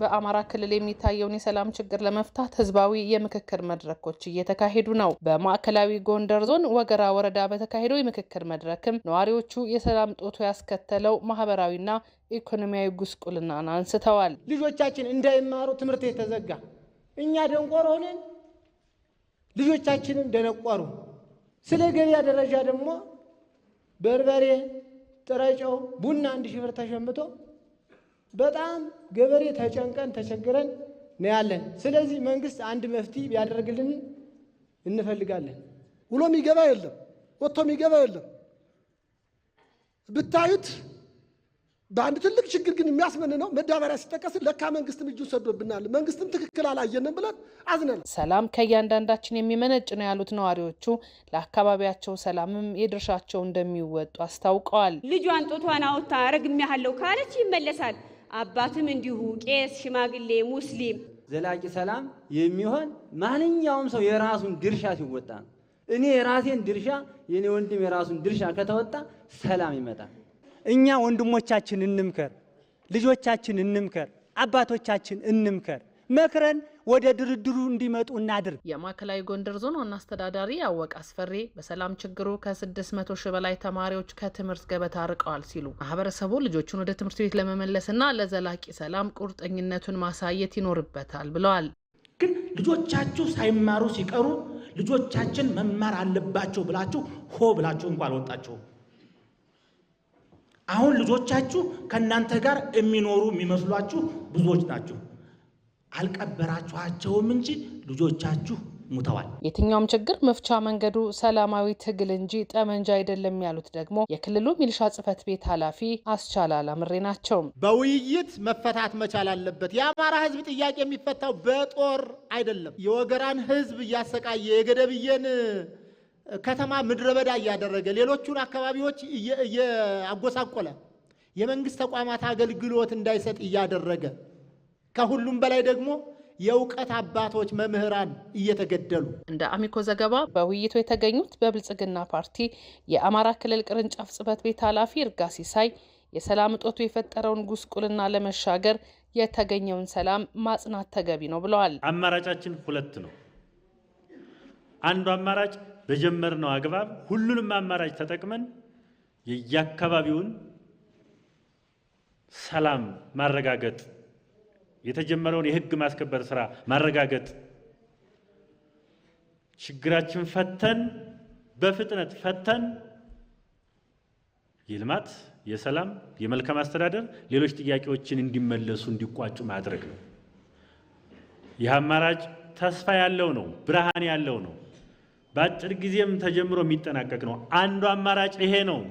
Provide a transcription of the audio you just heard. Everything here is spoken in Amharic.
በአማራ ክልል የሚታየውን የሰላም ችግር ለመፍታት ህዝባዊ የምክክር መድረኮች እየተካሄዱ ነው። በማዕከላዊ ጎንደር ዞን ወገራ ወረዳ በተካሄደው የምክክር መድረክም ነዋሪዎቹ የሰላም ጦቱ ያስከተለው ማህበራዊና ኢኮኖሚያዊ ጉስቁልናን አንስተዋል። ልጆቻችን እንዳይማሩ ትምህርት የተዘጋ እኛ ደንቆሮ ሆነን ልጆቻችንም ደነቆሩ። ስለ ገበያ ደረጃ ደግሞ በርበሬ፣ ጥረጨው፣ ቡና አንድ ሺህ ብር ተሸምቶ በጣም ገበሬ ተጨንቀን ተቸግረን እናያለን። ያለን። ስለዚህ መንግስት አንድ መፍትሄ ቢያደርግልን እንፈልጋለን። ውሎ የሚገባ የለም፣ ወጥቶ የሚገባ የለም። ብታዩት በአንድ ትልቅ ችግር ግን የሚያስመን ነው። መዳበሪያ ሲጠቀስ ለካ መንግስትም እጁን ሰዶብናል፣ መንግስትም ትክክል አላየንም ብለን አዝነን። ሰላም ከእያንዳንዳችን የሚመነጭ ነው ያሉት ነዋሪዎቹ ለአካባቢያቸው ሰላምም የድርሻቸው እንደሚወጡ አስታውቀዋል። ልጇን ጦቷን አውጥታ ረግሜያለሁ ካለች ይመለሳል። አባትም እንዲሁ ቄስ፣ ሽማግሌ፣ ሙስሊም ዘላቂ ሰላም የሚሆን ማንኛውም ሰው የራሱን ድርሻ ሲወጣ ነው። እኔ የራሴን ድርሻ የኔ ወንድም የራሱን ድርሻ ከተወጣ ሰላም ይመጣል። እኛ ወንድሞቻችን እንምከር፣ ልጆቻችን እንምከር፣ አባቶቻችን እንምከር መክረን ወደ ድርድሩ እንዲመጡ እናድርግ። የማዕከላዊ ጎንደር ዞን ዋና አስተዳዳሪ አወቅ አስፈሬ በሰላም ችግሩ ከ600 ሺህ በላይ ተማሪዎች ከትምህርት ገበታ ርቀዋል ሲሉ ማህበረሰቡ ልጆቹን ወደ ትምህርት ቤት ለመመለስና ለዘላቂ ሰላም ቁርጠኝነቱን ማሳየት ይኖርበታል ብለዋል። ግን ልጆቻችሁ ሳይማሩ ሲቀሩ ልጆቻችን መማር አለባቸው ብላችሁ ሆ ብላችሁ እንኳ አልወጣችሁ። አሁን ልጆቻችሁ ከእናንተ ጋር የሚኖሩ የሚመስሏችሁ ብዙዎች ናቸው። አልቀበራችኋቸውም እንጂ ልጆቻችሁ ሙተዋል። የትኛውም ችግር መፍቻ መንገዱ ሰላማዊ ትግል እንጂ ጠመንጃ አይደለም ያሉት ደግሞ የክልሉ ሚሊሻ ጽህፈት ቤት ኃላፊ አስቻል አላምሬ ናቸው። በውይይት መፈታት መቻል አለበት። የአማራ ህዝብ ጥያቄ የሚፈታው በጦር አይደለም። የወገራን ህዝብ እያሰቃየ የገደብዬን ከተማ ምድረ በዳ እያደረገ ሌሎቹን አካባቢዎች እያጎሳቆለ የመንግስት ተቋማት አገልግሎት እንዳይሰጥ እያደረገ ከሁሉም በላይ ደግሞ የእውቀት አባቶች መምህራን እየተገደሉ። እንደ አሚኮ ዘገባ በውይይቱ የተገኙት በብልጽግና ፓርቲ የአማራ ክልል ቅርንጫፍ ጽበት ቤት ኃላፊ እርጋ ሲሳይ የሰላም እጦቱ የፈጠረውን ጉስቁልና ለመሻገር የተገኘውን ሰላም ማጽናት ተገቢ ነው ብለዋል። አማራጫችን ሁለት ነው። አንዱ አማራጭ በጀመርነው አግባብ ሁሉንም አማራጭ ተጠቅመን የየአካባቢውን ሰላም ማረጋገጥ የተጀመረውን የህግ ማስከበር ስራ ማረጋገጥ ችግራችን ፈተን በፍጥነት ፈተን የልማት፣ የሰላም፣ የመልካም አስተዳደር ሌሎች ጥያቄዎችን እንዲመለሱ እንዲቋጩ ማድረግ ነው። ይህ አማራጭ ተስፋ ያለው ነው፣ ብርሃን ያለው ነው። በአጭር ጊዜም ተጀምሮ የሚጠናቀቅ ነው። አንዱ አማራጭ ይሄ ነው።